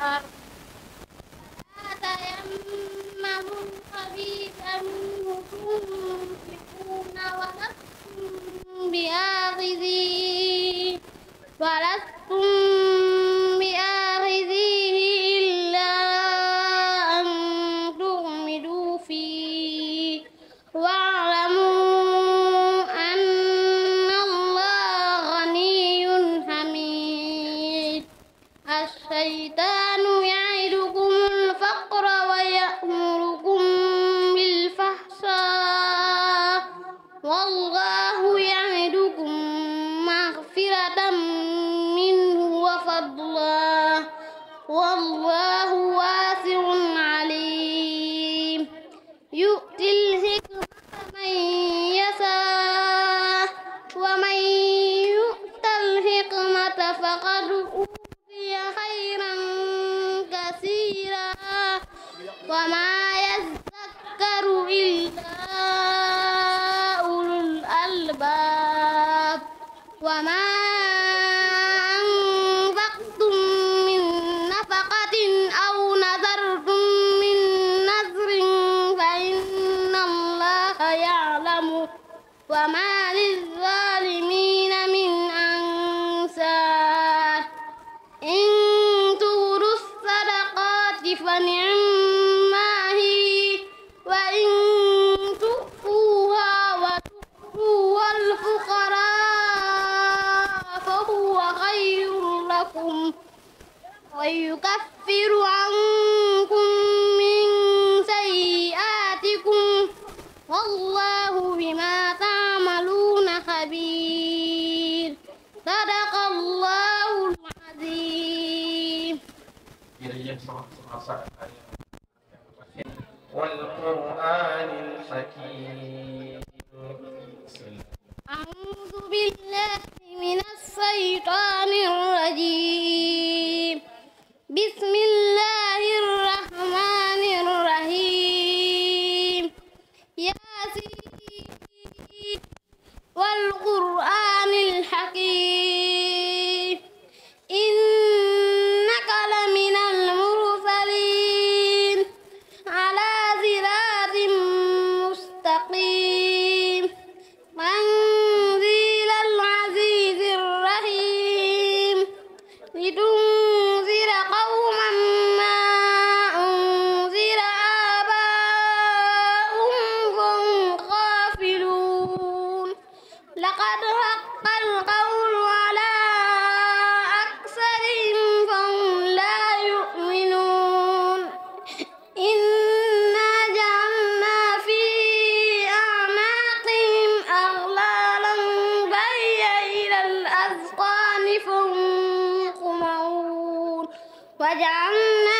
uh, one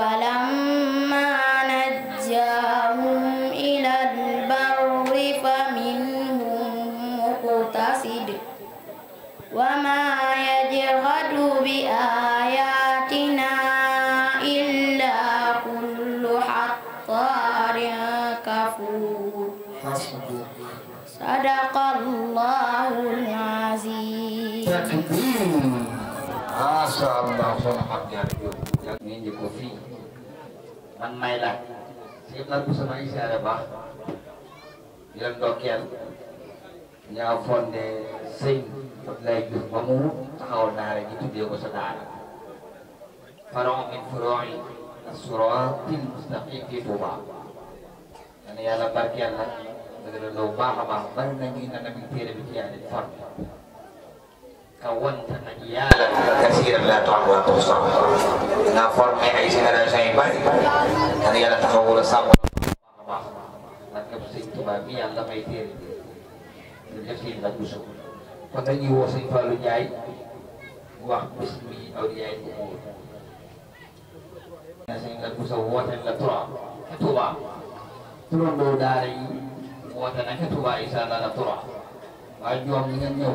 فلما نجاهم إلى البر فمنهم مقتصد وما يجهد بآياتنا إلا كل حطار كفور صدق الله العظيم ما شاء الله صدق يعني man may laaj si nar bu samay siyaare baax di leen ndokkeel ñaa fonde sëñ Abdoulaye Diouf ba mu taxawal daara ji tuddee ko sa daara faron min furoi asuratil mustaqim fi Touba dana yàlla barkeel nag dëgg la loolu baax a baax bari na ñuy nanami téere bi ci yàlla di forme كونت أجيالا كثيرا لا تعد ولا تحصى nga formé ay génération yu bari kan yàlla taxawu la sàmm a baax barkeb sëñ Tuubaa bi yàlla may téere ñu def seen nag Bousso kon dañuy woo sëñ Fallou Ndiaye wax bis bi awliyaay umuur sëñ nag Bousso woote la trois ca Tuubaa turandoo daara yi woote na ca Tuubaa incha allah la trois waaye ñoom ñi nga ñëw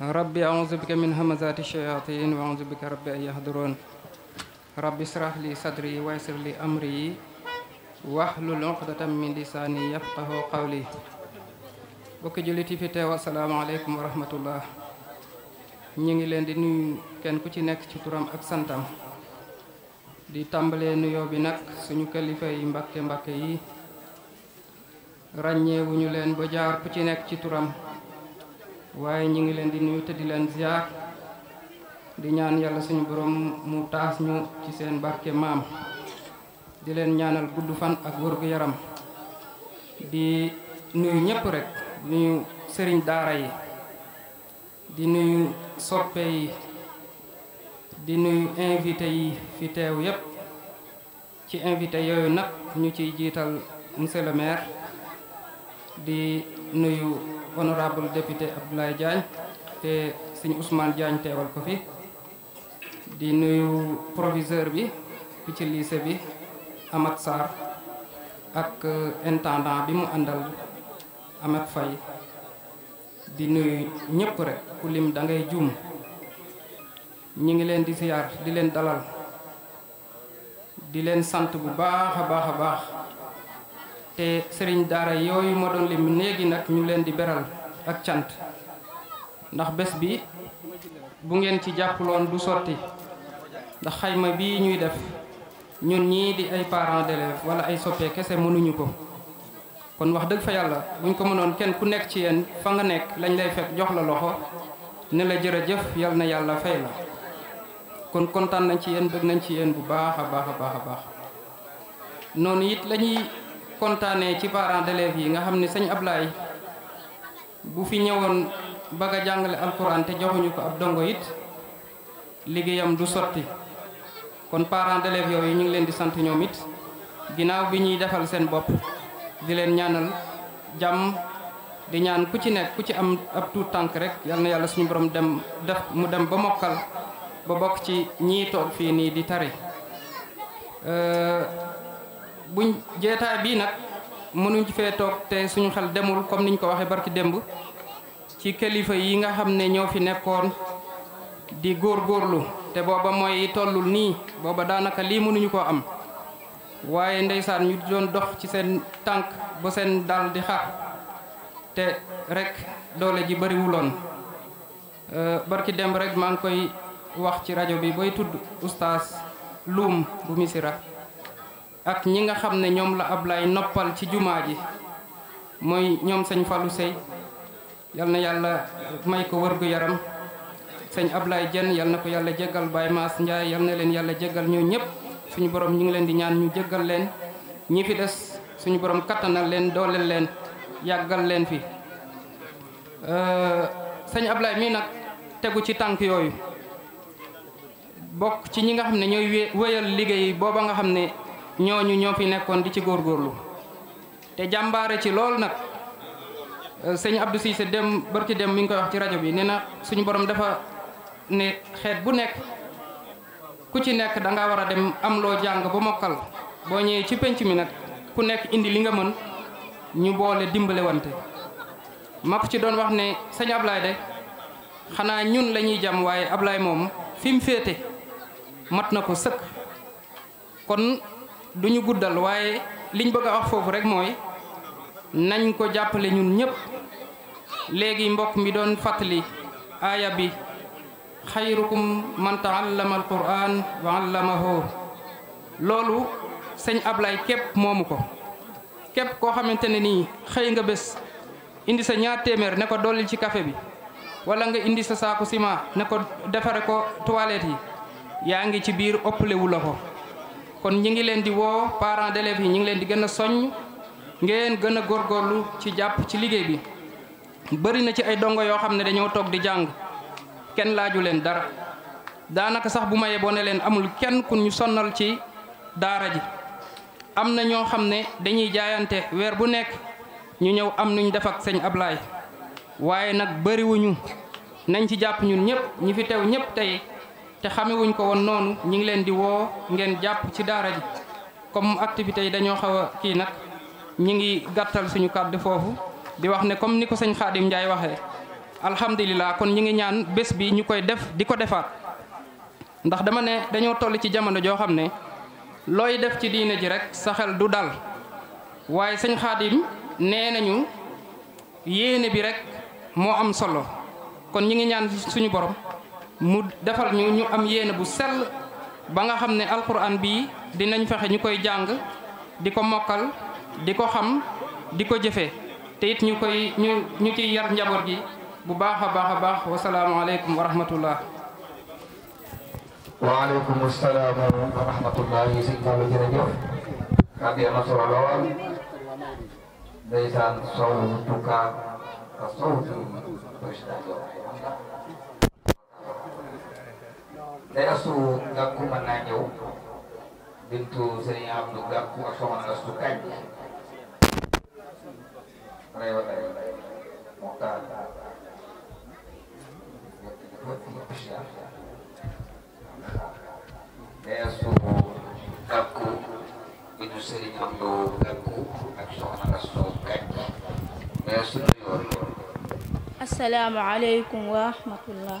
Rabbi a'udzu bika min hamazati syayatin wa a'udzu bika rabbi an yahdurun. Rabbi israh sadri wa yassir li amri wa hlul 'uqdatam min lisani yafqahu qawli. Bokk juliti fi taw assalamu rahmatullah. Ñi di nuyu kèn ku ci nek ci turam ak santam. Di tambalé nuyo bi nak suñu kalifa yi mbacké mbacké yi. waaye ñu ngi leen di nuyu te di leen ziar di ñaan yàlla suñu borom mu taas ñu ci seen barke maam di leen ñaanal gudd fan ak wërgu yaram di nuyu ñëpp rek di nuyu sëriñ daara yi di nuyu soppe yi di nuyu invité yi fi teew yépp ci invité yooyu nag ñu ciy jiital monsieur di nuyu honorable député Abdoulaye Diagne té Seigne Ousmane Diagne teewal ko fi di nuyu proviseur bi fi ci lycée bi Amat sar, ak intendant bi mu andal Amat Faye di nuyu ñepp rek ku lim da ngay joom ñi ngi leen di ziar di leen dalal di leen sante bu baaxa baaxa baax te sëriñ daara yooyu ma doon lim néegi nag ñu leen di beral ak cant ndax bés bi bu ngeen ci jàppuloon du sotti ndax xayma bi ñuy def ñun ñii di ay parents d'élèves wala ay soppe kese mënuñu ko kon wax dëgg fa yàlla buñ ko mënoon kenn ku nekk ci yéen fa nga nekk lañ lay fekk jox la loxo ne la jërëjëf yal na yàlla fay la kon kontaan nañ ci yéen dëgg nañ ci yéen bu baax a baax baax a baax noonu it lañuy kontane ci parents d'élèves yi nga xamni seigne sëñ Ablaye bu fi ñewon bëgg a jàngale te joxuñu ko ab dongo it liggéeyam du sorti kon parents d'élèves yoy ñu ngi leen di sant ñoom it ginnaaw bi ñi defal seen bop di leen ñaanal jam di ñaan ku ci nek ku ci am ab tout tank rek yalla na suñu borom dem def mu dem ba mokal ba bok ci ñi tok fi ni di tari. Euh, buñ jeetaay bi nak mënuñ ci fé tok té suñu xel demul comme niñ ko waxé barki demb ci kalifa yi nga xamné ño fi nekkon di gorlu te boba moy tollul nii booba daanaka li mënuñ ko am waaye ndeysaan ñu doon dox ci sen tank bo sen dal di xaar te rek doole ji euh barki demb rek maa ngi koy wax ci radio bi boy tudd oustaz bu misira ak ñi nga xamne ñom la ablay noppal ci jumaa ji mooy ñoom Fallou Sey yalna yalla may ko wërgu yaram sëñ ablay jenn yalna ko yalla jéggal len Maas ndjay yalna leen yalla jéggal ñoo ñëpp suñu borom ñi ngi leen di ñaan ñu jéggal leen ñi fi dess suñu borom katana leen dooleel leen yagal leen fi euh, sëñ ablay mi nak teggu ci tank yoyu bok ci ñi nga xamne ñoy wëyal liggéey booba nga xamne ñooñu ñoo fi nekkoon di ci góorgóorlu te jàmbaare ci lool nag euh, sëñ Abdou Cissé dem ci dem mi ngi koy wax ci rajo bi nee na suñu borom dafa ne xeet bu nekk ku ci nekk da war a dem am loo jàng ba mokkal boo ñëwee ci penc mi nag ku nekk indi li nga mën ñu boole dimbale wante ma ko ci doon wax ne sëñ Ablaye de xanaa ñun lañuy jam waaye Ablaye moom fi mu féete mat na ko sëkk kon du ñu guddal waaye liñ bëgg a wax foofu rek mooy nañ ko jàppale ñun ñëpp léegi mbokk mi doon fàttali aaya bi xayrukum man taallama alquran wa allamahu loolu sëñ Ablaay képp moomu ko képp koo xamante ne nii xëy nga bés indi sa ñaar téeméer ne ko dollil ci kafe bi walla nga indi sa saaku ciment ne ko defare ko toilette yi yaa ngi ci biir ëppalewu la ko kon ñi ngi leen di woo parents d'élèves yi ñi ngi leen di gën a soññ ngeen gën a góorgóorlu ci jàpp ci liggéey bi bëri na ci ay dongo yoo xam ne dañoo toog di jàng kenn laaju leen dara daanaka sax bu ma bone leen amul kenn ku ñu sonnal ci daara ji am na ñoo xam ne dañuy jaayante weer bu nekk ñu ñëw am nuñ def ak sëñ Ablaay waaye nag bëriwuñu nañ ci jàpp ñun ñëpp ñi fi teew ñëpp tey te xamewuñ ko woon noonu ñi ngi leen di woo ngeen jàpp ci daara ji comme activités yi dañoo xaw a kii nag ñi ngi gàttal suñu kàdd foofu di wax ne comme ni ko sëñ Xaadim Njaay waxee alhamdulilah kon ñi ngi ñaan bés bi ñu koy def di ko defaat ndax dama ne dañoo toll ci jamono joo xam ne looy def ci diine ji rek sa xel du dal waaye sëñ Xaadim nee nañu yéene bi rek moo am solo kon ñi ngi ñaan suñu borom mu defal ñu ñu am yene bu sel ba nga xamne alquran bi dinañ fexé ñukoy jang diko mokal diko xam diko jëfé té it ñukoy ñu ñu ci yar njaboot gi bu baaxa baaxa baax wa salaamu alaykum wa rahmatullah wa alaykum yi wa rahmatullahi wa barakatuh kadi ana so lool ndeysaan so tuka ka tu day astu gàkku mën naa ñëw bintu sëriñ Abdou gàkku ak soxna astu kañ rey wa rey muxtaar day astu gàkku bintu sëriñ Abdou gàkku ak soxna astu kañ day astu asalaamaaleykum wa rahmatullah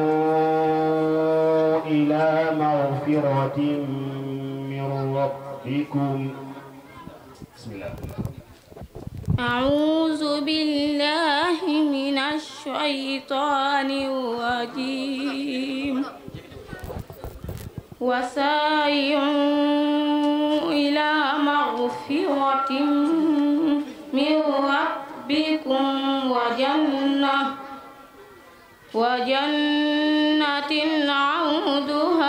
من ربكم بسم الله أعوذ بالله من الشيطان الرجيم وسائعوا إلى مغفرة من ربكم وجنة وجنة عودها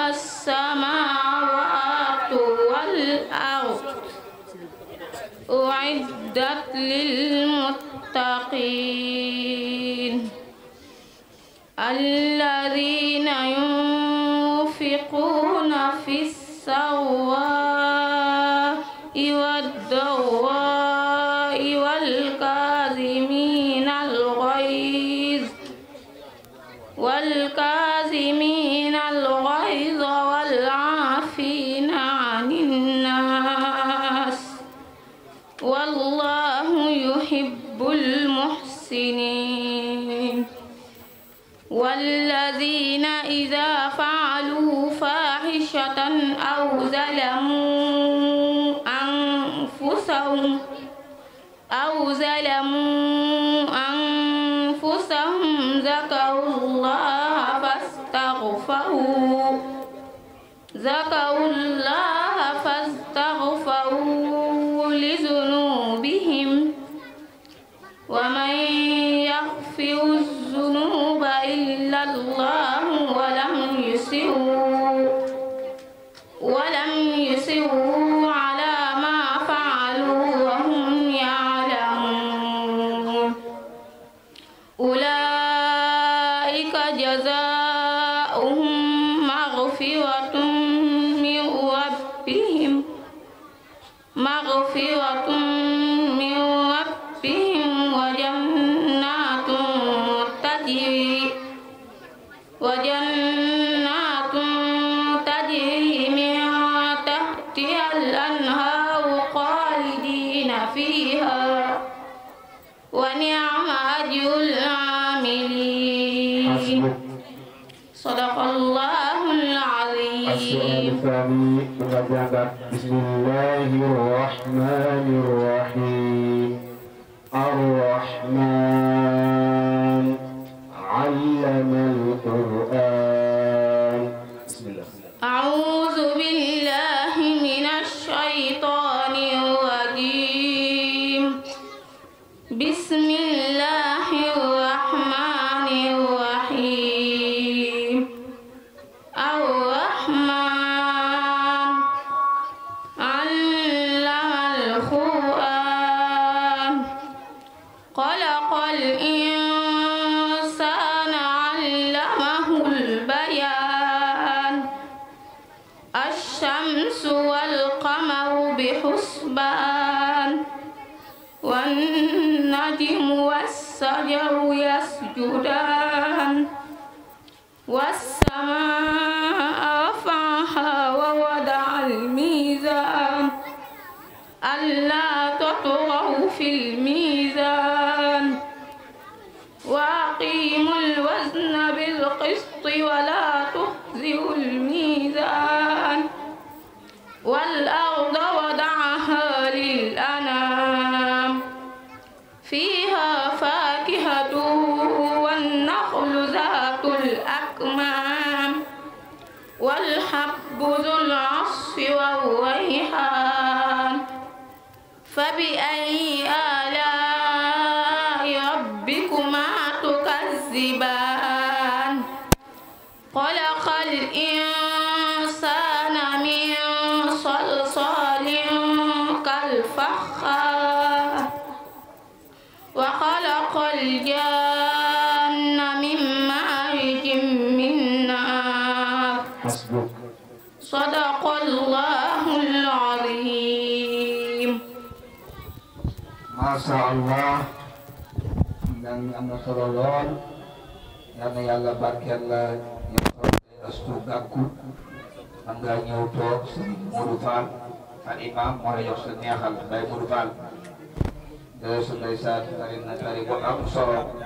أعدت للمتقين الذين أو ظلموا nang anna sallallahu ya yalla barkella astu gakku anga gaku angga serigne modou fall al imam mo reyox sa neexal bay modou fall de su ngay sa tari na tari bu am solo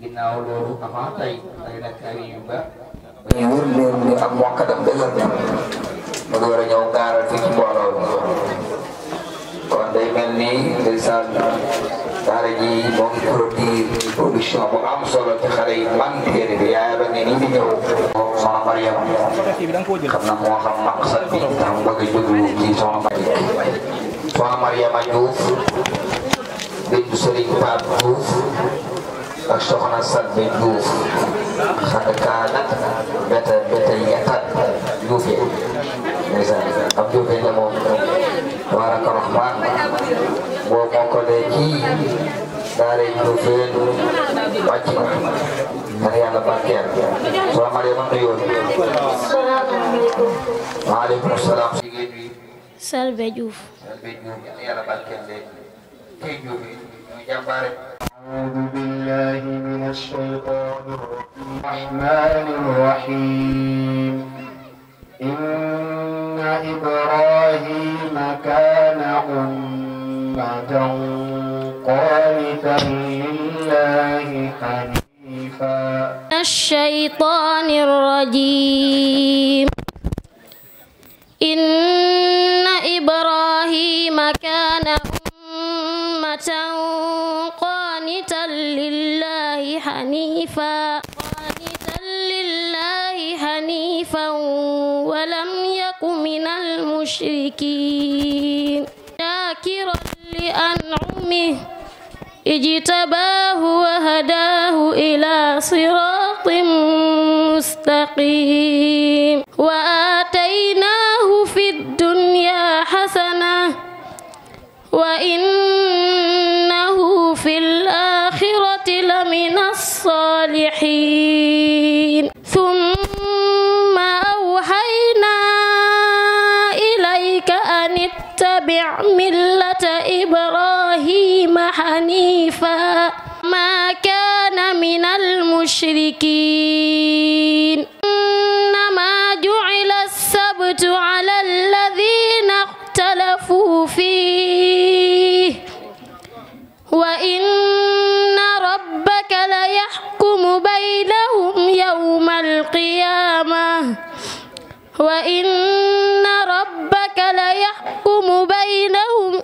ginaaw lolu avant tay day nak ay yu ba ñu wër leen ni ak mokadam deugal ma do wara ñew garal fi ci mbolo kon day melni day sa daara ji moom produit production bu am solo ci xale yi man téere bi yaay ba ne di bi ñëw soxna Mariam xam na moo xam maqsad bi tax mu bëgg a jóg ci soxna beta beta yatat mokkale ci daaray Ndofeen wàcc na yàlla barkeel soo ma dee mën na yoon maaleykum salaam jigéen bi Selbé Diouf Selbé Diouf yàlla barkeel leen tey Diouf yi ñu jàmbaare أعوذ بالله من الشيطان الرحمن الرحيم إن إبراهيم كان أمة بعدا قانتا لله حنيفا الشيطان الرجيم إن إبراهيم كان أمة قانتا لله حنيفا قانتا لله حنيفا ولم يك من المشركين شاكرا أنعمه اجتباه وهداه إلى صراط مستقيم وآتيناه في الدنيا حسنة وإنه في الآخرة لمن الصالحين ملة إبراهيم حنيفا ما كان من المشركين إنما جعل السبت على الذين اختلفوا فيه وإن ربك ليحكم بينهم يوم القيامة وإن يحكم بينهم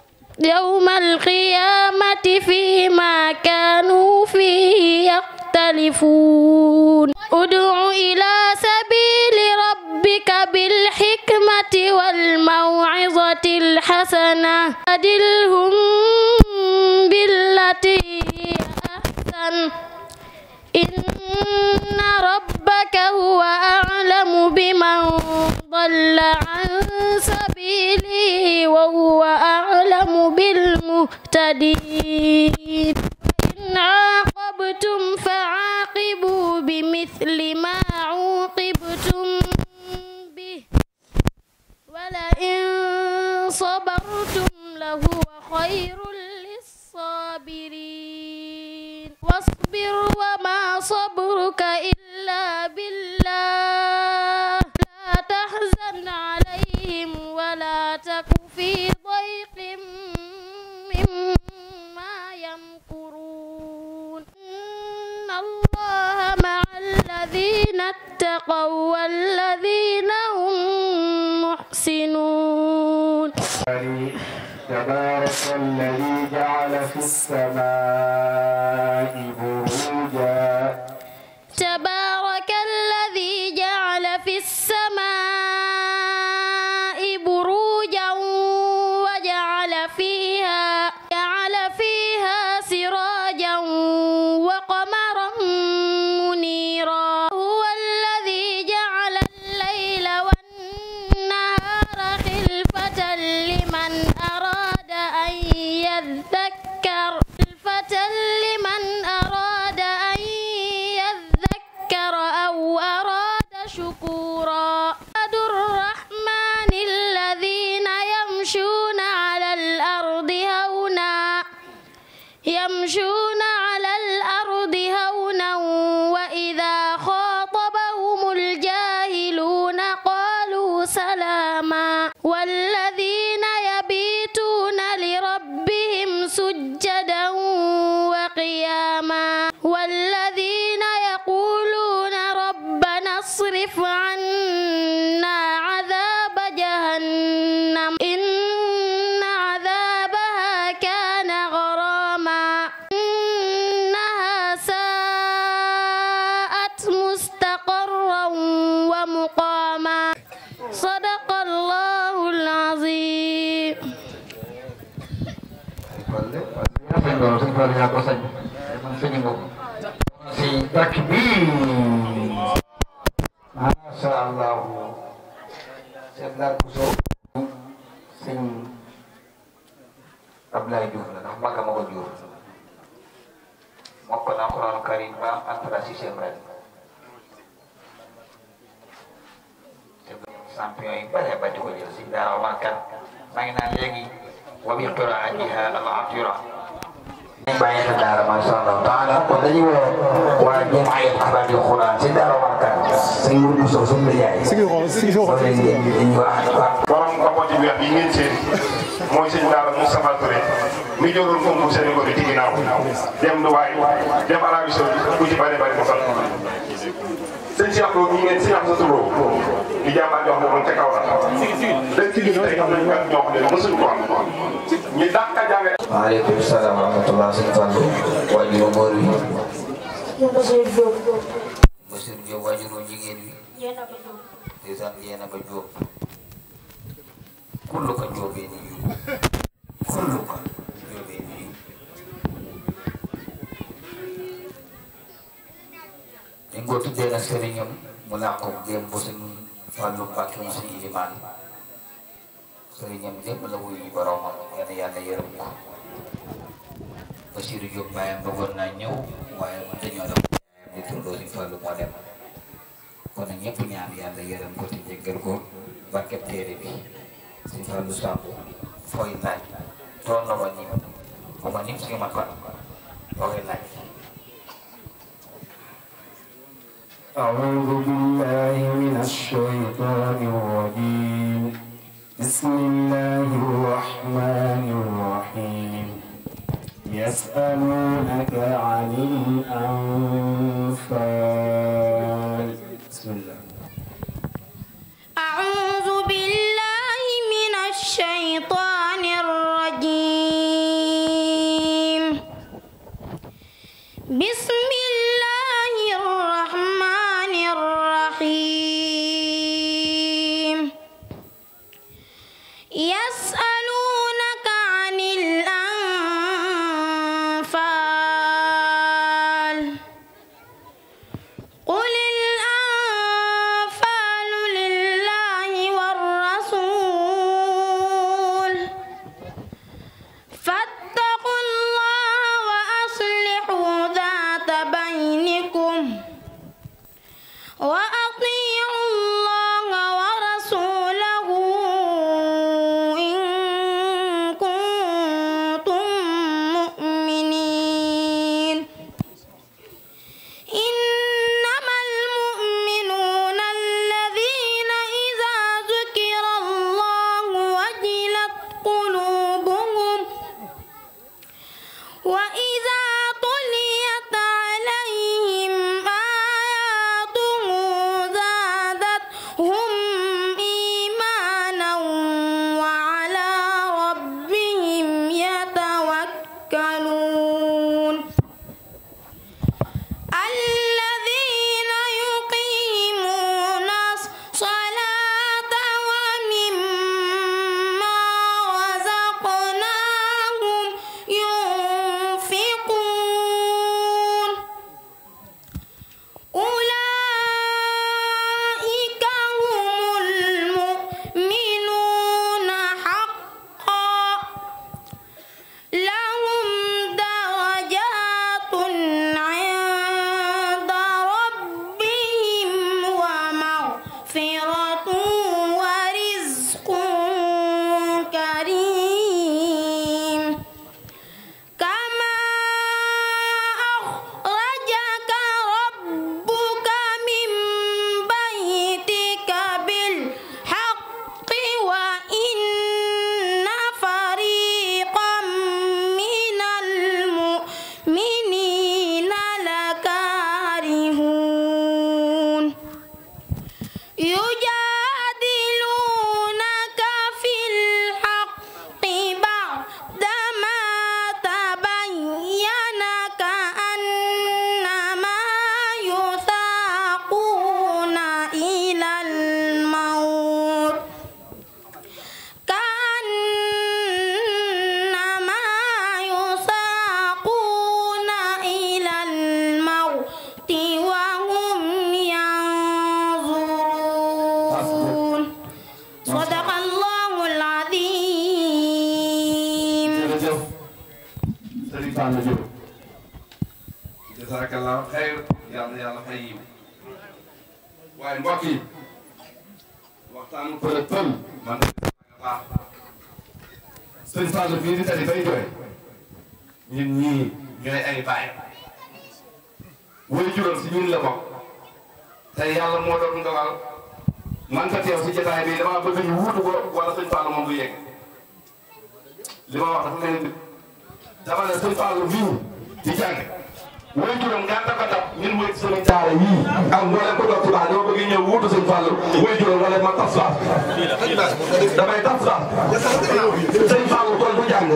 يوم القيامة فيما كانوا فيه يختلفون ادع إلى سبيل ربك بالحكمة والموعظة الحسنة أدلهم بالتي هي أحسن إن ربك هو muhtadin يعرضون takbir Masya Allah Sedar kusuk Sing Abla jur Maka mau jur Mau pernah Quran Karim Antara sisi yang berani sampai yang pada baca wajah sehingga makan mainan lagi wabil qira'atiha al-atirah bàyyi na daara macha allah taala kon dañuy woo waa jumaa yi xalaat yu xulaat si dara sëñ Wulu Sow sëñ bi Ndiaye. si si xool si borom kapooti weex bi ngeen seen mooy sëñ Daara Moustapha Touré mi jógoon concours Sénégal bi ci ginnaaw dem Dubaay dem Arabie Saoudite ku ci bari bari mu sant. sëñ Cheikh Lo ñu ngeen si am sa turoo di jàmbaar jox ko ca kaw la dëkk bi tey am nañu kat ñoo xam ne mosuñu ko am ñu dàq ka jàngale. maaleykum salaam wa rahmatulah sëñ Fallou waa Jula Mor bi. Bachir Diop jigéen wi ndeysaan yéena ba Diop kullu sëriñam mu laa ko géem bu suñ Fàllu Mbàkke mu suñ sëriñam démb la wuyu boromam yal na yàlla yërëm ko Bachir Diop bàyyam bëggoon naa ñëw waaye dañoo dem tullooji أعوذ بالله من الشيطان الرجيم بسم الله الرحمن الرحيم يسألونك عن الأنفال بسم الله أعوذ بالله من الشيطان الرجيم بسم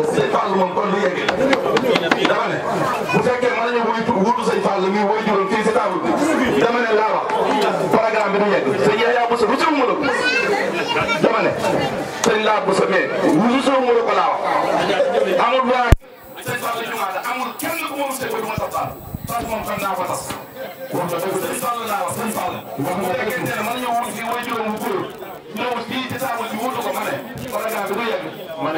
sëñ Fall moom kon du yegg dama ne bu fekkee mën nañu wuyu wutu sëñ Fall mi woy juróom fii si table bi dama ne laa wax programme bi yegg sëñ Yaya Bousso ruusoo mu la ko dama ne ko laa wax amul waa sëñ Fall ku ma rusee ko du ma ko tas wax nga dëgg sëñ Fall laa wax sëñ Fall bu fekkee ko ma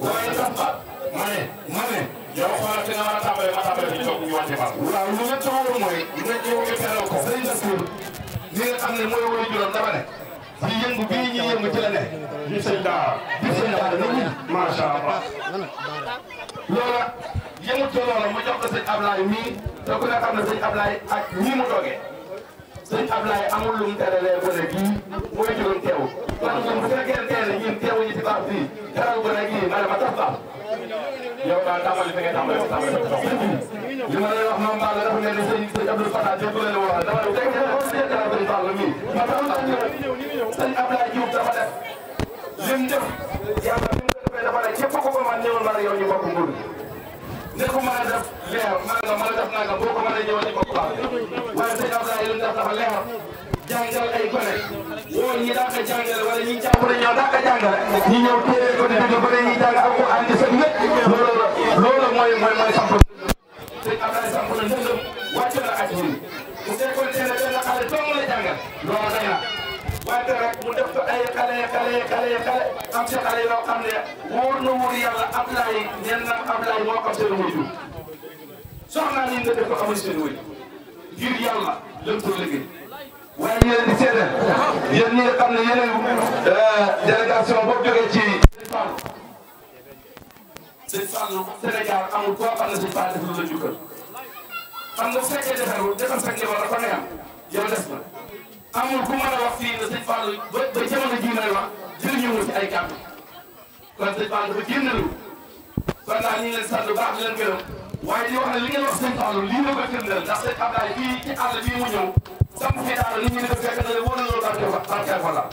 waaye itam xat ma ne ma ne yow xoolal te nga war a tàmbalee ma tàmbalee fi ñu toog ñu wàcce ma. waaw lu ngeen toogoon mooy. nga ñëw nga teral ko. sëriñ Bassirou li nga xam ne mooy woy juróom dafa ne. bi yëngu bii ñuy yëngu ci la ne. bisimilah. bisimilah dinañu. macha allah. loola yëngu ci loola mu jox ko sëñ Ablaye mii te ku ne xam ne sëñ Ablaye ak ñi mu doge. sëñ Ablaye amul lu mu teralee gone gii mooy juróom teew man ñun bu fekkente ne ñun yi ci baax bi gone gii ma ma tas baax yow daal tàmbali fi ma lay wax moom Balla dafa mel ni sëñ sëñ Abdou Fatah dégg la ne waxal dama ne teg na ko sëñ Dara sëñ Balla ma tax ndax ñëw sëñ Ablaye Diouf dafa def lim def yàlla bi mu ko defee dafa ne képp ku ma ne yow ñu bokk ne ko mën a def leer manga mën a def nanga boo ko mënee ñëwaat ci bopp baax waaye sëñ Abdoulaye lu mu def dafa leer jàngal ay gone woo ñi daa ko jàngale wala ñi jàppale ñoo daa ko jàngale ñi ñëw téere ko di dëgg ba ñuy jàng ak ko andi sa lépp loolu la loolu la mooy mooy mooy samp sëñ Abdoulaye samp na ndëndëm wàcc na ak ñun bu fekkoon teel a benn xale dong la jàngal loolu xale xale xale xale am ci xale yoo xam ne wóor na wóor yàlla Ablaye nee na Ablaye moo am seen wóor yi soxnaa nii nga def ko amul seen wóor yi ngir yàlla lañ ko liggéey. waaye ñu leen di seede yéen ñi nga xam ne yéen délégation boobu jógee ci. sëñ Fallou Sénégal amul koo xam ne sëñ Fallou defal la jukkal xam nga bu fekkee defal defal sa njaboot dafa neex yow def na. amul ku mën a wax fii ne sëñ Fallou ba ba jamono jii may wax jëriñoo ay kàddu kon sëñ Fallou dafa génnalu kon daal ñu ngi leen sant bu baax di leen waaye di wax ne li ngeen wax sëñ Fallou lii la ko firndeel ndax sëñ Abdoulaye fii ci àll bii mu ñëw sam fi daara nit ñi di ko fekk na wóor na loolu barke fa barke fa la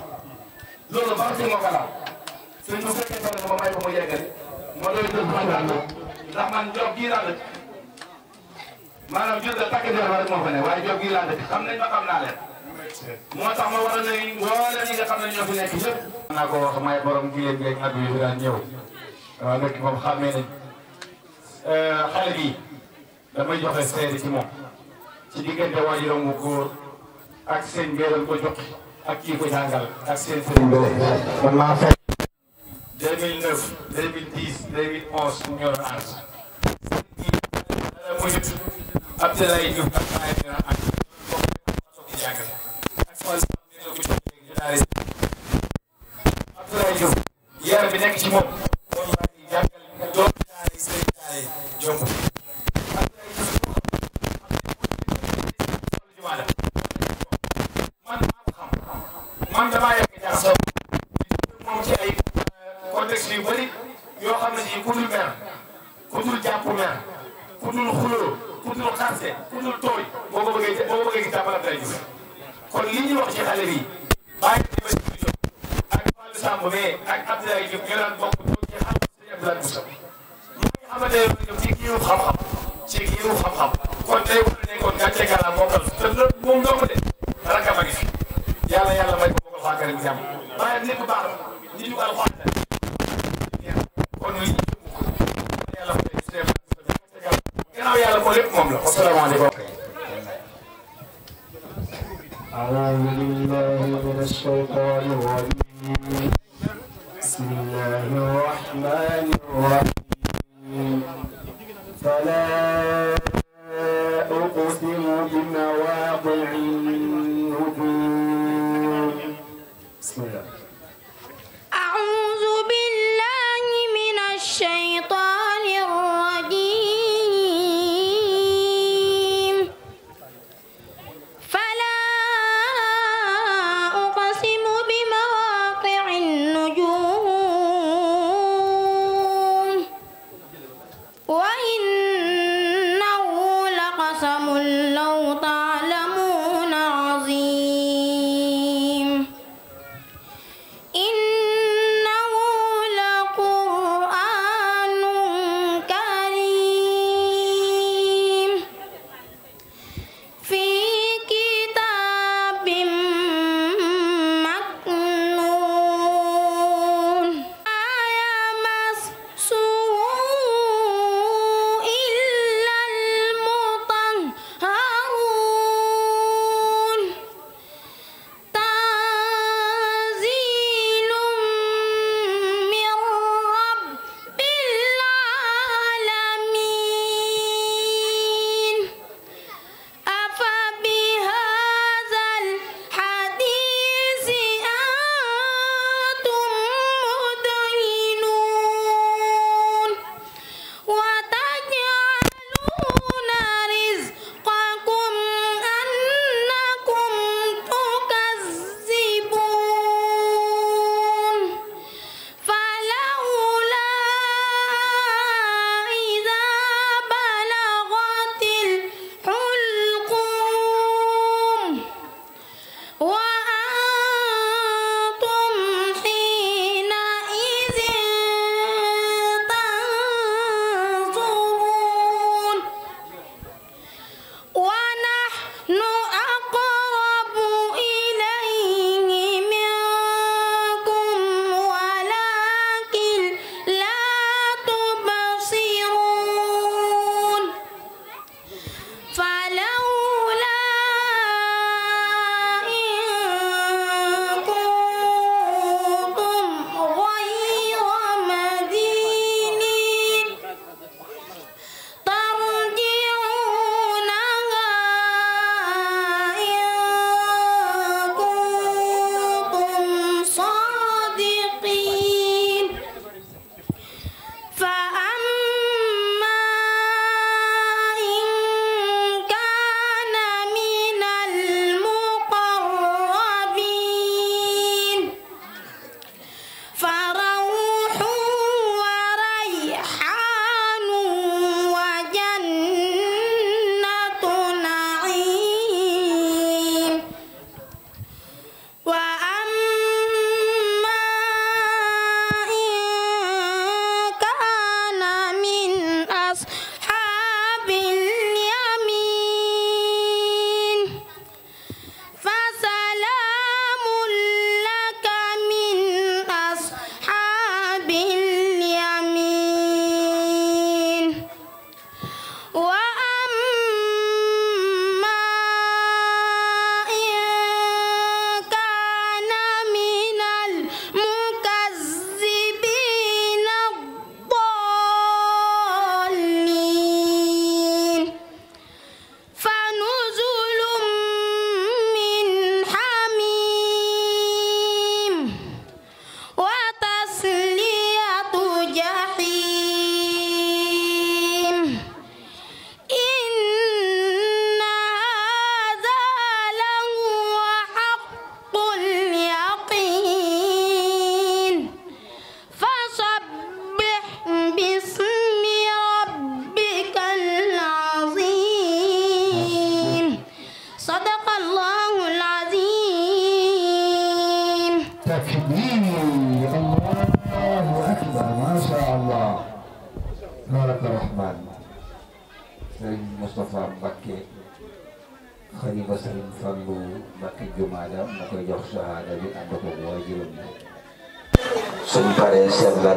loolu barke moo ko ko mu yeggale ma doy dëgg man ndax man jox gii laa dëkk maanaam jël ne waaye jox naa leen moo tax ma waral léegi mboolem ñi nga xam ne ñoo fi nekk yëpp. naa ko wax may borom gileem yeeg nag yu fi daan ñëw waaw léegi moom xàmmee nañ euh, xale bi damay joxe seede ci moom ci diggante waajuram wu góor ak seen ngëral ko jox ak kii ko jàngal ak seen sëriñ bële man maa fekk 2009 2010 2011 ñu ñoroon ànd. Abdoulaye Diouf ak Maï Mira ak. yar bi nekk ci moom moom laa ngi jàngal doom daara yi seen daara yi jomb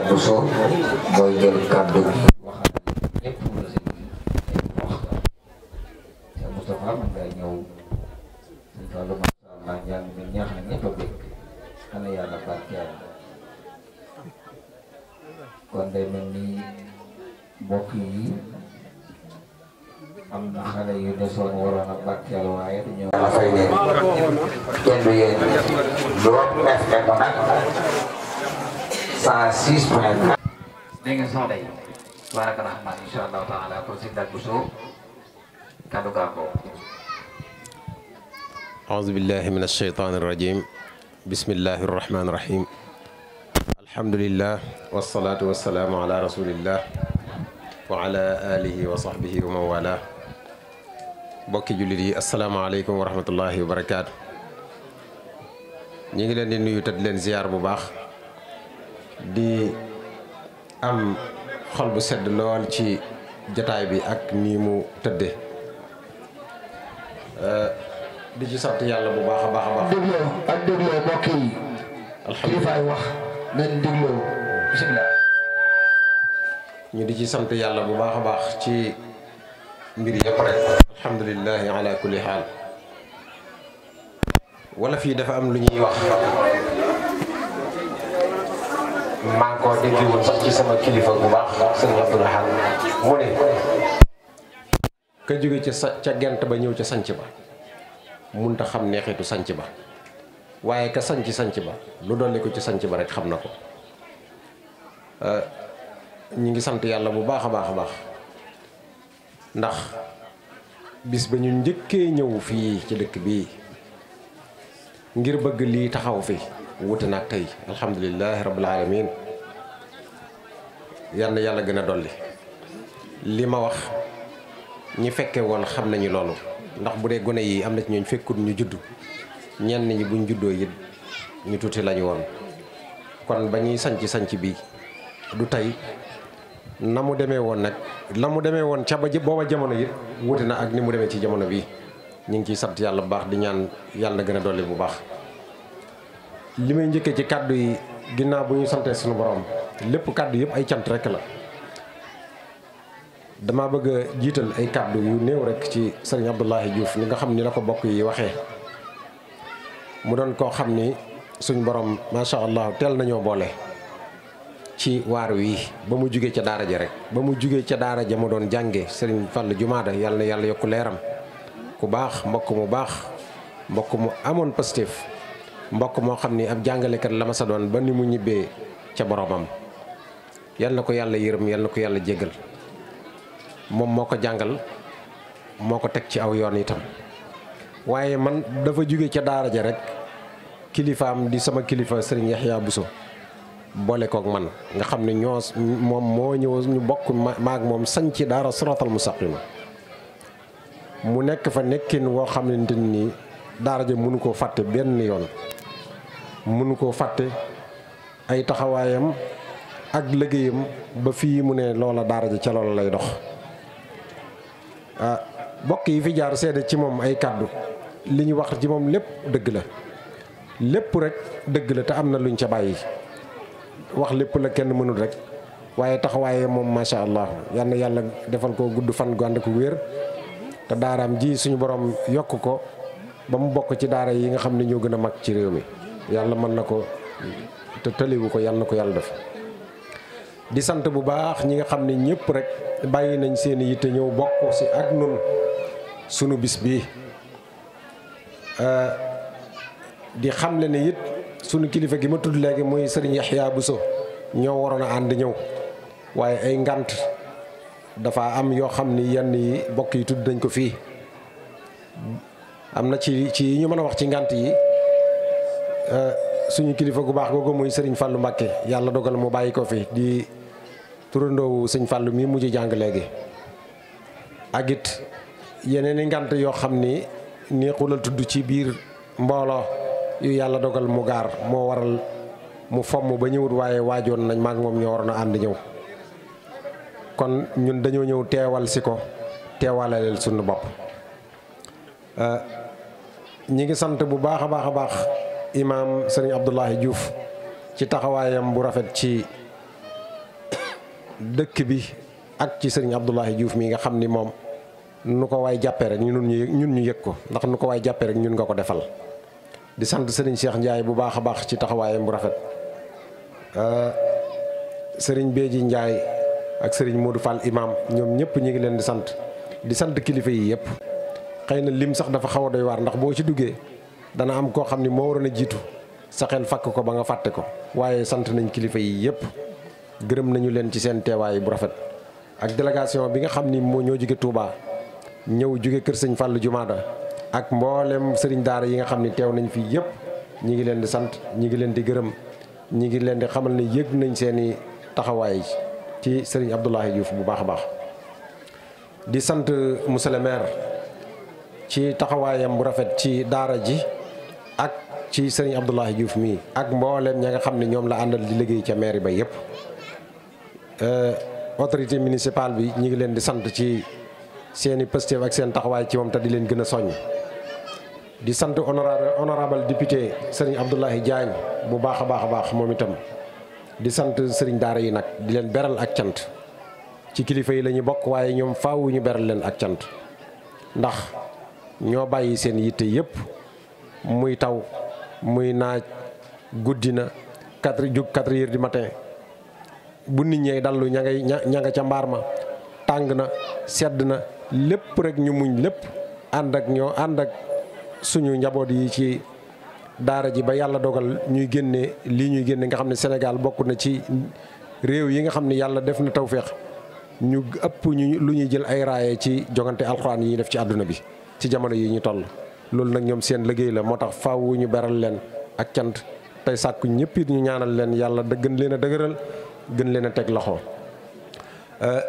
Bousso mooy jël kàddu gi أعوذ بالله من الشيطان الرجيم بسم الله الرحمن الرحيم الحمد لله والصلاة والسلام على رسول الله وعلى آله وصحبه ومن والاه بوكي جولي السلام عليكم ورحمة الله وبركاته نيغي لين دي نيو تاد لين زيار بو باخ دي ام خول بو سد لول سي جتاي بي اك نيمو تدي أه di ci sant yàlla bu baax a baax a baax. dégloo ak dégloo mbokk yi. alhamdulilah wax ñu di ci sant yàlla bu baax a baax ci mbir yëpp rek. alhamdulilah ala kulli xaal. wala fii dafa am lu ñuy wax. maa ngi ko sax ci sama kilifa bu baax sëñ Abdou Lahad mu ne. ka jóge ca sa ca gent ba ñëw ca sanc ba. munta xam neexeetu sanc ba waaye ka sanc sanc ba lu dolli ko ci sanc ba rek xam na ko euh, ñu ngi sant yàlla bu baax a baax a baax ndax bis ba ñu njëkkee ñëw fii ci dëkk bii ngir bëgg lii taxaw fi wuute naag tey alhamdulilahi rabbil alamin yal na yàlla gën a dolli li ma wax ñi fekke woon xam nañu loolu ndax bu dee gone yi am na ci ñooñ fekkut ñu judd ñenn ñi buñ juddoo it ñu tuuti lañu woon kon ba ñuy sañc sañc bi du tey na mu demee woon nag la mu demee woon ca ba booba jamono it wuute na ak ni mu demee ci jamono bi ñu ngi ciy sant yàlla bu baax di ñaan yàlla gën a dolli bu baax li may njëkkee ci kàddu yi ginnaaw bu ñu santee suñu borom lépp kàddu yëpp ay cant rek la damaa bëgg a jiital ay kàddu yu néew rek ci sëriñ Abdoulahi Diouf ni nga xam ni la ko bokk yi waxe mu doon koo xam ni suñ borom macha allah teel nañoo boole ci waar wi ba mu jugee ca daara ja rek ba mu jugee ca daara ja ma doon jànge sëriñ Fall Jumaada yàlla na yàlla yokku leeram ku baax mbokk mu baax mbokk mu amoon positif mbokk moo xam ni ab jàngalekat la ma sa doon ba ni mu ñibbee ca boromam yal na ko yàlla yërëm yal na ko yàlla jégal mom moko jangal moko tek ci aw yoon itam waye man dafa jóge ci daara ja rek kilifaam di sama kilifa sëriñ Yaxya Buso ko ak man nga xamni ñoo mom mo ñew ñu bokku maak mom sañ ci daara suratul mustaqima mu nek fa nekkin xamni xamante ni daara ja mënu ko fàtte ben yoon mënu ko fàtte ay taxawayam ak liggeyam ba fi mu ne loola daara ja ci loola lay dox ah mbokk yi fi jaar seede ci moom ay kàddu li ñu wax ci moom lépp dëgg la lépp rek dëgg la te am na luñ ca bàyyi wax lépp la kenn mënul rek waaye taxawaaye moom macha allah yal na yàlla defal ko gudd fan gu ko wér te daaraam ji suñu borom yokk ko ba mu bokk ci daara yi nga xam ne ñoo gën a mag ci réew mi yàlla mën na ko te tëliwu ko yàlla na ko yàlla def di sant bu baax ñi nga xamni ñepp rek bayyi nañ seen yitte ñew bokk ci ak nun sunu bis euh di le ne yit sunu kilifa gi ma tudd legi moy serigne yahya Buso ño warona and ñew waye ay ngant dafa am yo xamni ni yenn yi bokk yi tudd dañ ko fi am ci ci ñu mëna wax ci ngant yi euh, suñu kilifa gu baax googu muy Serigne Fallou Mbakke yàlla dogal mu bàyyi ko fi di turandoowu sëñ Fallou mii mujj jàng léegi ak it yeneen i ngant yoo xam ni neexul a tudd ci biir mbooloo yu yàlla dogal mu gaar moo waral mu fomm ba ñëwut waaye waajoon nañ maak moom ñoo waroon a ànd ñëw kon ñun dañoo ñëw teewal si ko teewaleel suñu bopp euh, ñi ngi sant bu baax a baax a baax imaam sëriñ Abdoulahi Diouf ci taxawaayam bu rafet ci dëkk bi ak ci sëriñ Abdoulahi juuf mi nga xam ni moom nu ko waay jàppee rek ñun ñu ñun ñu yëg ko ndax nu ko waay jàppee rek ñun nga ko defal di sant sëriñ Cheikh Ndiaye bu baax a baax ci taxawaayam bu rafet euh, sëriñ Béji njaay ak sëriñ Modou Fall imaam ñoom ñëpp ñu ngi leen di sant di sant kilifa yi yëpp. xëy na lim sax dafa xaw a doy waar ndax boo ci duggee. dana am koo xam ni moo waroon a jiitu sa xel fakk ko ba nga fàtte ko waaye sant nañ kilifa yi yëpp gërëm nañu leen ci seen teewaay bu rafet ak délégation bi nga xam ni moo ñoo jóge Touba ñëw jóge kër sëñ Fallou Jumaada ak mboolem sëriñ daara yi nga xam ni teew nañ fii yëpp ñi ngi leen di sant ñi ngi leen di gërëm ñi ngi leen di xamal ne yëg nañ seeni taxawaay ci sëriñ Abdoulaye Diouf bu baax a baax di sant monsieur le ci taxawaayam bu rafet ci daara ji ak ci sëriñ Abdoulaye Diouf mii ak mbooleem ña nga xam ne ñoom la àndal di liggéey ca mairie ba yépp euh, autorité municipale bi ñu ngi leen di sant ci seeni pëstéef ak seen taxawaay ci moom te di leen gën a soññ di sant honorable honorable député sëriñ Abdoulaye Diagne bu baax a baax a baax moom itam di sant sëriñ daara yi nag di leen beral ak cant ci kilifa yi lañuy bokk waaye ñoom faawuñu ñu beral leen ak cant ndax ñoo bàyyi seen yitte yépp muy taw muy naaj guddi na quatre jug quatre heures du bu nit ñee dallu ña ngay ca mbaar ma tàng na sedd na lépp rek ñu muñ lépp ànd ak ñoo ànd ak suñu njaboot yi ci daara ji ba yàlla dogal ñuy génne lii ñuy génne nga xam ne Sénégal bokk na ci réew yi nga xam ne yàlla def na tawféex ñu ëpp ñu lu ñuy jël ay raaye ci jogante alxuraan yi def ci àdduna bi ci jamono yi ñu toll. loolu nag ñoom seen liggéey la moo tax faaw ñu beral leen ak cant tey sàkku ñëpp it ñu ñaanal leen yàlla gën leen a dëgëral gën leen a teg loxo. Euh,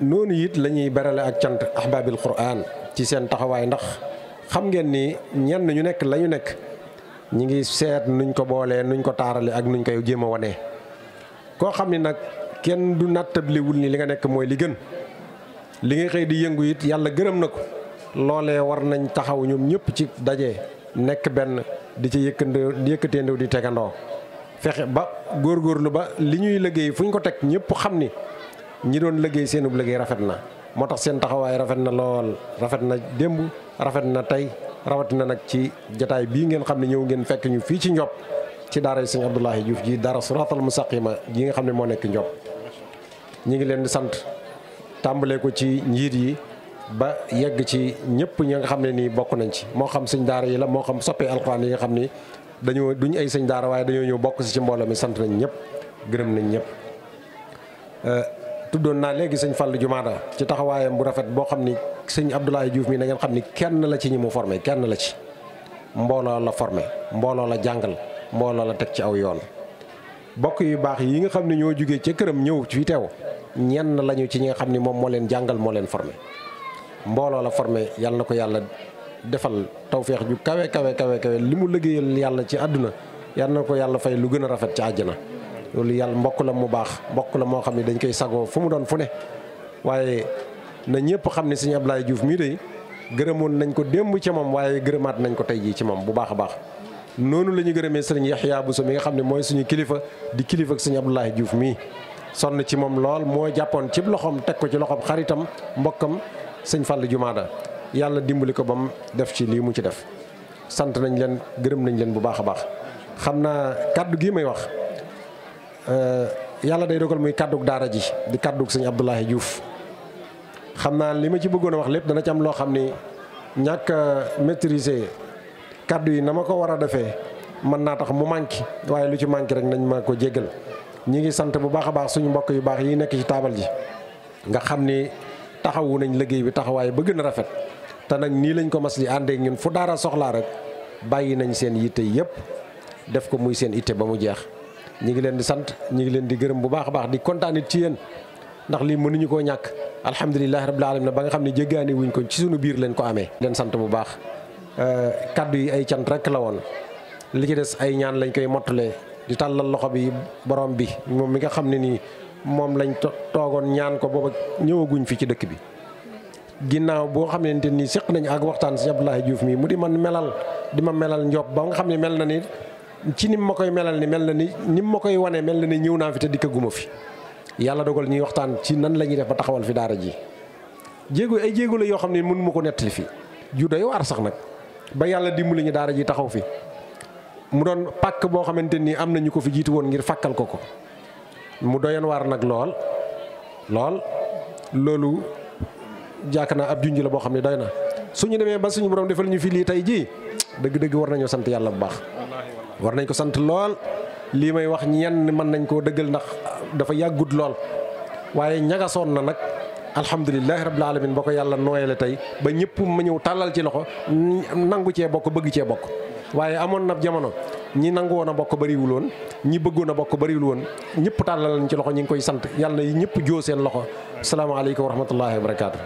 noonu it la ñuy berale ak cant ahbaabil quraan ci seen taxawaay ndax xam ngeen ni ñenn ñu nekk la nekk ñi ngi seet nuñ ko boolee nuñ ko taarale ak nuñ koy jéem a wane. koo xam ni nag kenn du nattablewul ni li nga nekk mooy li gën li nga xëy di yëngu it yàlla gërëm na ko. loolee war nañ taxaw ñoom ñëpp ci daje nekk benn di ci yëkkandoo di yëkkateendoo di tegandoo fexe ba góor góorgóorlu ba li ñuy liggéey fuñ ko teg ñëpp xam ni ñi doon liggéey seenub liggéey rafet na moo tax seen taxawaay rafet na lool rafet na démb rafet na tey na nag ci jataay bii ngeen xam ne ñëw ngeen fekk ñu fii ci Ndiob ci daara sëñ Abdoulahi Diouf ji daara suratal mustaqima ji nga xam ne moo nekk Ndiob ñi ngi leen di sant tàmbalee ko ci njiit yi ba yegg ci ñepp ñi nga xam ni bokku nañ ci mo xam señ daara yi la mo xam soppé alcorane yi nga xam ni duñ ay señ daara waaye dañu ñëw bokk si ci mbooloo mi sant nañ ñepp gërëm nañ ñëpp. Euh, tuddoon naa léegi sëñ Fallou Jumaada ci taxawayam bu rafet bo xamni ni Abdoulaye Diouf mi na ngeen xamni kenn la ci ñi mu formé kenn la ci mbolo la formé mbolo la jangal mbolo la tek ci aw yoon. bokk yu bax yi nga xamni ñoo jugee ca këram ci téw ñenn lañu ci ñi nga xamni mom mo leen jangal mo leen formé mbooloo la formé yàlla na ko yàlla defal tawféex ju kawe kawe kawe kawe li mu liggéeyal yàlla ci àdduna yàlla na ko yàlla fay lu gën a rafet ci àjjana loolu yàlla mbokk la mu baax mbokk la moo xam ne dañ koy sagoo fu mu doon fu ne waaye na ñëpp xam ne suñu Ablaye Diouf mii de gërëmoon nañ ko démb ci moom waaye gërëmaat nañ ko tey jii ci moom bu baax a baax noonu la ñu gërëmee sëriñ Yaxya Bousso mi nga xam ne mooy suñu kilifa di kilifa ak suñu Ablaye Diouf mii sonn ci moom lool moo jàppoon ci loxoom teg ko ci loxoom xaritam mbokkam seigne Fall Jumaada yalla dimbali ko bam def ci li mu ci def sant nañ len gërem nañ len bu baaxa baax xamna kaddu gi may wax eh, yalla day dogal muy kaddu daara ji di kaddu seigne abdullah Diouf xamna lima ci bëggono wax lepp dana ci am lo xamni ñak maîtriser kaddu yi na ko wara defé man na tax mu manki waye lu ci manki rek nañ ma ko jéggal ñi ngi sant bu baaxa baax suñu mbokk yu baax yi nekk ci table ji nga xamni taxawu nañ liggey bi taxaway ba gën rafet ta nak ni lañ ko masli ande àndee ñun fu dara soxla rek bayyi nañ seen yitte yépp def ko muy seen ba mu jeex ñi ngi leen di sant ñi ngi leen di gërëm bu baax baax di kontan ci yeen ndax mënu ñu ko ñak alhamdullilah rabbil alamin ba nga xamni ne jéggaani wuñ ko ci suñu biir leen ko amé leen sant bu baax kaddu yi ay cant rek la won li ci des ay ñaan lañ koy mottalee di talal loxo bi borom bi mom mi nga xamni ni moom lañ toogoon ñaan ko booba ñëwaguñ fi ci dëkk bi ginnaaw boo xamante ni séq nañ ak waxtaan si Abdoulaye Diouf mii mu di man melal di ma melal njob ba nga xam ne mel na ni ci nim ma koy melal ni mel na ni nim ma koy wanee mel na ni ñëw naa fi te dikkaguma fi yàlla dogal ñuy waxtaan ci nan la ñuy def ba taxawal fi daara ji jéego ay jéego la yoo xam ne mënu ma ko nettali fi ju doy waar sax nag ba yàlla dimbali ñu daara ji taxaw fi mu doon pàkk boo xamante ni am nañu ko fi jiitu woon ngir fàkkal ko ko mu doyoon waar nag lool lool loolu jàkk naa ab junj la boo xam ne doy na su ñu demee ba suñu borom defal lañu fi lii tey jii dëgg-dëgg war nañoo sant yàlla bu baax war nañ ko sant lool lii may wax ñenn mën nañ koo dëggal ndax dafa yàggut lool waaye ñagasoon na nag alhamdulilahi rabbil alamin ba ko yàlla nooyale tey ba ñëpp ma ñëw tàllal ci loxo nangu cee bokk bëgg cee bokk waaye amoon na jamono ñi nangu a bokk bariwul woon ñi bëggoon a bokk bariwul woon ñëpp tàllal lañ ci loxo ñi ngi koy sant yàlla yi ñëpp joo seen loxo salaamaaleykum wa rahmatullahi wa barakaatu.